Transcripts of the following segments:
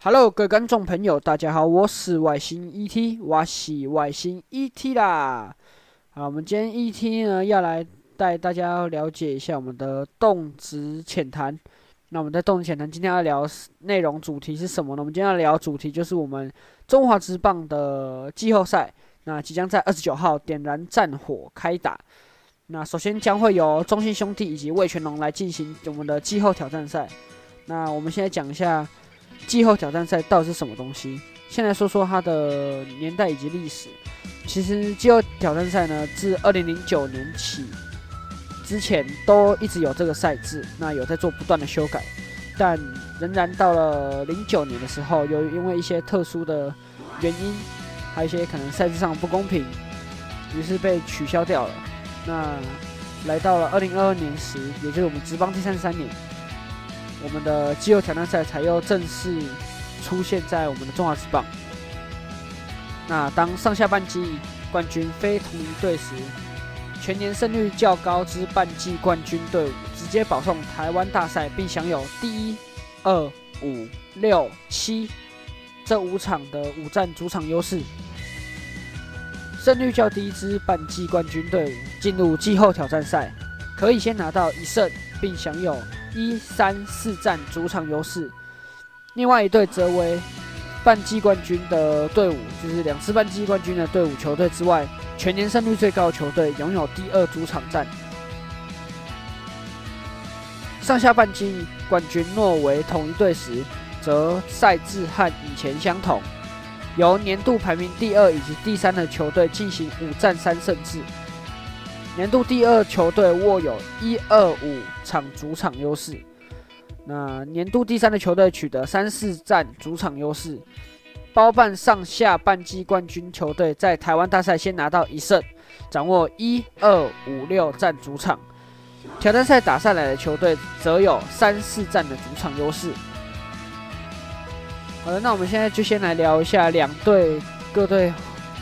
Hello，各位觀眾朋友，大家好，我是外星 ET，我是外星 ET 啦。好，我們今天 ET 呢要來帶大家了解一下我們的動職淺談。那我們在動職淺談，今天要聊內容主題是什麼呢？我們今天要聊主題就是我們中華職棒的季後賽，那即將在二十九號點燃戰火開打。那首先將會由中信兄弟以及味全龍來進行我們的季後挑戰賽。那我們現在講一下。季後挑戰賽到底是什麼東西？先來說說它的年代以及歷史。其實季後挑戰賽呢，自二零零九年起之前都一直有這個賽制，那有在做不斷的修改，但仍然到了零九年的時候，由於因為一些特殊的原因，還有一些可能賽制上不公平，於是被取消掉了。那來到了二零二二年時，也就是我們職棒第三十三年，我們的季後挑戰賽才又正式出現在我們的中華職棒。那當上下半季冠軍非同一隊時，全年勝率較高之半季冠軍隊伍，直接保送台灣大賽，並享有第一、二、五、六、七這五場的五戰主場優勢。勝率較低之半季冠軍隊伍進入季後挑戰賽，可以先拿到一勝，並享有。一三四戰主場優勢，另外一隊則為半季冠軍的隊伍，就是兩次半季冠軍的隊伍球隊之外，全年勝率最高的球隊擁有第二主場戰。上下半季冠軍若為同一隊時，則賽制和以前相同，由年度排名第二以及第三的球隊進行五戰三勝制。年度第二球隊握有一二五場主場優勢，那年度第三的球隊取得三四戰主場優勢，包辦上下半季冠軍球隊在台灣大賽先拿到一勝，掌握一二五六戰主場，挑戰賽打下來的球隊則有三四戰的主場優勢。好了，那我們現在就先來聊一下兩隊各隊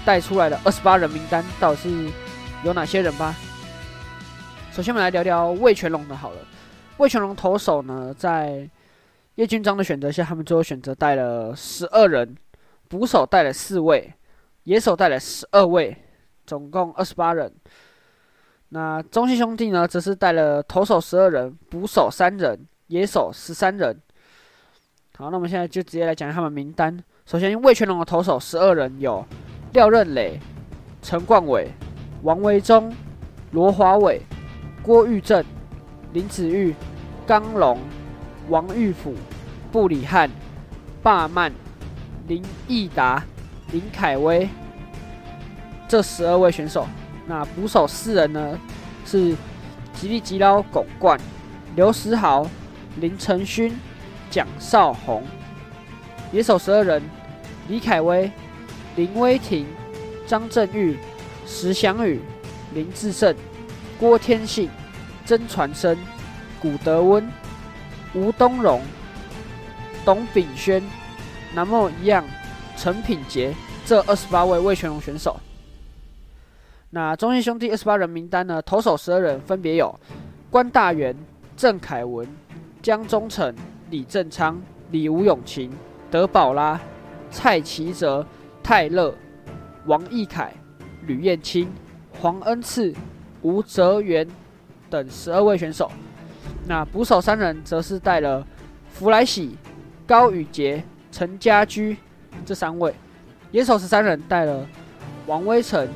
帶出來的二十八人名單，到底是有哪些人吧。首先，我們來聊聊味全龍的。好了，味全龍投手呢，在葉君璋的選擇下，他們最後選擇帶了十二人，捕手帶了四位，野手帶了十二位，總共二十八人。那中信兄弟呢，則是帶了投手十二人，捕手三人，野手十三人。好，那我們現在就直接來講一下他們名單。首先，味全龍的投手十二人有廖任磊、陳冠偉、王維中、羅華偉。郭玉正、林子裕、剛龍、王玉甫、布里漢、霸曼、林義達、林凱威，這十二位選手。那捕手四人呢？是吉力吉撈·鞏冠、劉時豪、林承勳、蔣少宏。野手十二人：李凱威、林威庭、張政禹、石翔宇、林智勝、郭天信、曾傳生、古德溫、吳東榮、董炳軒、南茂一樣、陳品杰這二十八位味全龍選手。那中信兄弟二十八人名單呢？投手十二人分別有關大元、鄭凱文、江忠城、李正昌、李吳永琴、德保拉、蔡齊哲、泰勒、王義凱、呂彥青、黃恩賜。吳哲源等十二位選手，那捕手三人則是帶了福來喜、高宇傑、陳家駒這三位，野手十三人帶了王威晨、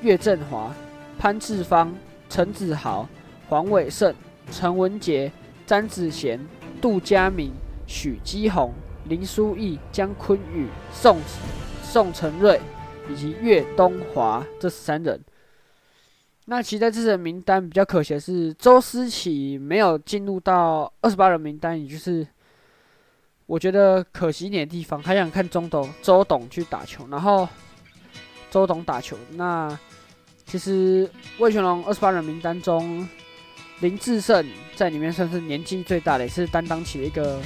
岳振華、潘志芳、陳子豪、黃偉盛、陳文杰、詹子賢、杜家明、許基宏、林書義、江坤宇、宋子宋承瑞以及岳東華這十三人。那其實在這次名單比較可惜的是，周思齊沒有進入到二十八人名單，也就是我覺得可惜一點的地方。還想看中董周董去打球，然後周董打球。那其實味全龍二十八人名單中，林智勝在裡面算是年紀最大的，也是擔當起了一個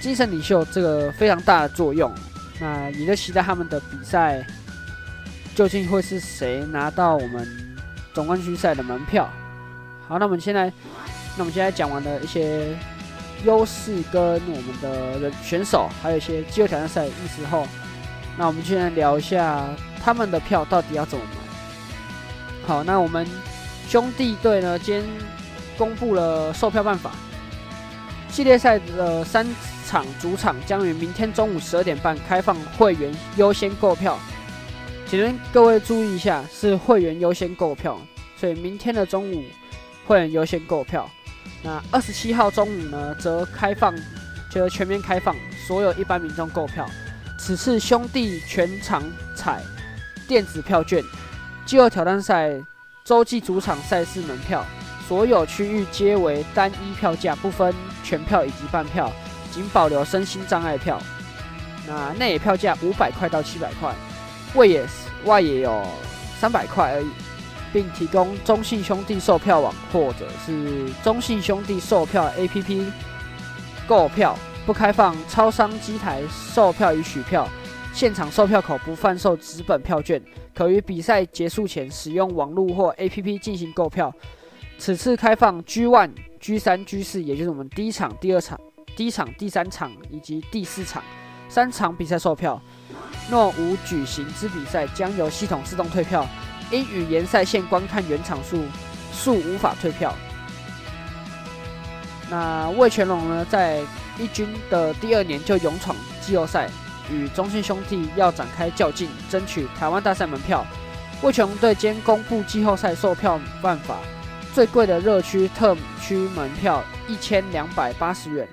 精神領袖這個非常大的作用。那你的期待他們的比賽，究竟會是誰拿到我們？總冠軍賽的門票，好，那我們現在，那我們現在講完了一些優勢跟我們的選手，還有一些機會挑戰賽的意思後，那我們現在聊一下他們的票到底要怎麼買。好，那我們兄弟隊呢，今天公布了售票辦法，系列賽的三場主場將於明天中午十二點半開放會員優先購票。請各位注意一下，是會員優先購票，所以明天的中午會員優先購票。那二十七號中午呢，則開放，就是全面開放所有一般民眾購票。此次兄弟全場採電子票券、飢餓挑戰賽、洲際主場賽事門票，所有區域皆為單一票價，不分全票以及半票，僅保留身心障礙票。那內野票價五百塊到七百塊。外野外野有三百塊而已，並提供中信兄弟售票網或者是中信兄弟售票 APP 購票，不開放超商機台售票與取票，現場售票口不販售紙本票券，可於比賽結束前使用網絡或 APP 進行購票。此次開放 G1、G3、G4，也就是我們第一場、第二場、第一場、第三場以及第四場三場比賽售票。若無舉行之比賽，將由系統自動退票。因與言賽線觀看原場數恕無法退票。那味全龍呢，在一軍的第二年就勇闖季後賽，與中信兄弟要展開較勁，爭取台灣大賽門票。味全龍隊間公布季後賽售票辦法，最貴的熱區特區門票一千兩百八十元。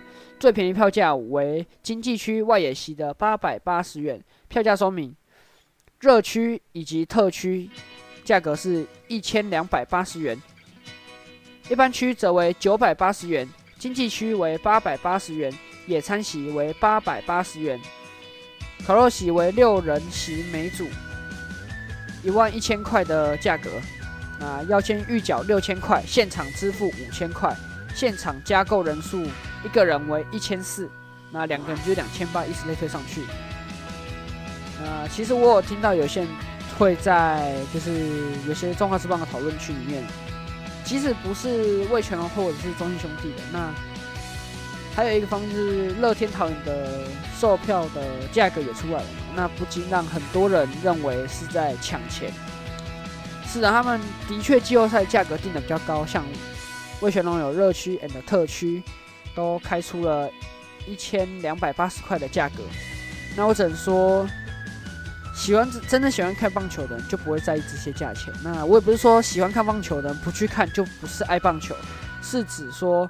最便宜票價為經濟區外野席的八百八十元。票價說明：熱區以及特區價格是一千兩百八十元，一般區則為九百八十元，經濟區為八百八十元，野餐席為八百八十元，烤肉席為六人席每組一萬一千塊的價格。啊，要先預繳六千塊，現場支付五千塊，現場加購人數。一個人為一千四，那兩個人就是兩千八，以此類推上去。呃，其實我有聽到有些人會在，就是有些中華職棒的討論區裡面，即使不是味全龍，或者是中信兄弟的，那還有一個方面是，樂天桃園的售票的價格也出來了，那不禁讓很多人認為是在搶錢。是的、啊，他們的確季後賽價格定得比較高，像味全龍有熱區 and 特區。都開出了一千兩百八十塊的價格，那我只能說，喜歡真的喜歡看棒球的人就不會在意這些價錢。那我也不是說喜歡看棒球的人不去看就不是愛棒球，是指說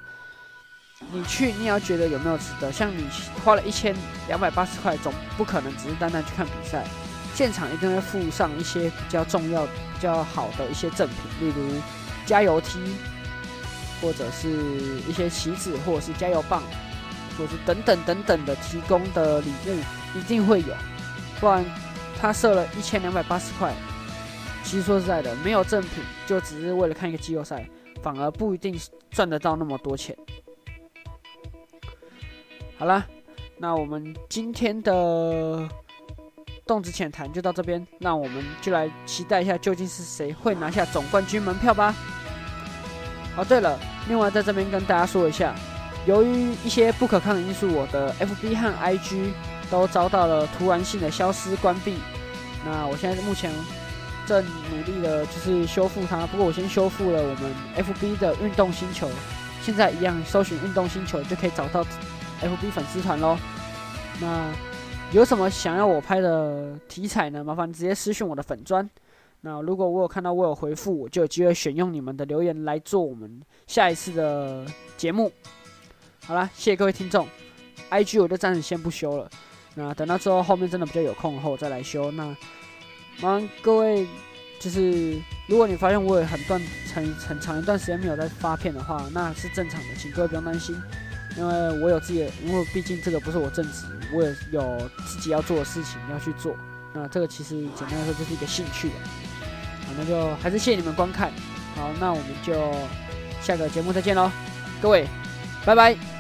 你去，你也要覺得有沒有值得。像你花了一千兩百八十塊，總不可能只是單單去看比賽，現場一定會附上一些比較重要、比較好的一些贈品，例如加油梯。或者是一些棋子，或者是加油棒，就是等等等等的提供的禮物一定會有，不然他設了一千兩百八十塊。其實說實在的，沒有贈品，就只是為了看一個季後賽，反而不一定賺得到那麼多錢。好了，那我們今天的動職淺談就到這邊，那我們就來期待一下究竟是誰會拿下總冠軍門票吧。哦，oh, 對了，另外在這邊跟大家說一下，由於一些不可抗的因素，我的 FB 和 IG 都遭到了突然性的消失關閉。那我現在目前正努力的就是修復它，不過我先修復了我們 FB 的運動星球，現在一樣，搜尋運動星球就可以找到 FB 粉絲團嘍。那有什麼想要我拍的題材呢？麻煩直接私訊我的粉專。那如果我有看到，我有回復，我就有機會選用你們的留言來做我們下一次的節目。好啦，謝謝各位聽眾。IG 我就暫時先不修了，那等到之後後面真的比較有空後再來修。那麻煩各位，就是如果你發現我有很段很很長一段時間沒有在發片的話，那是正常的，請各位不用擔心，因為我有自己的，因為畢竟這個不是我正職，我也有自己要做的事情要去做。那這個其實簡單來說就是一個興趣的。我們就還是謝謝你們觀看，好，那我們就下個節目再見嘍，各位，拜拜。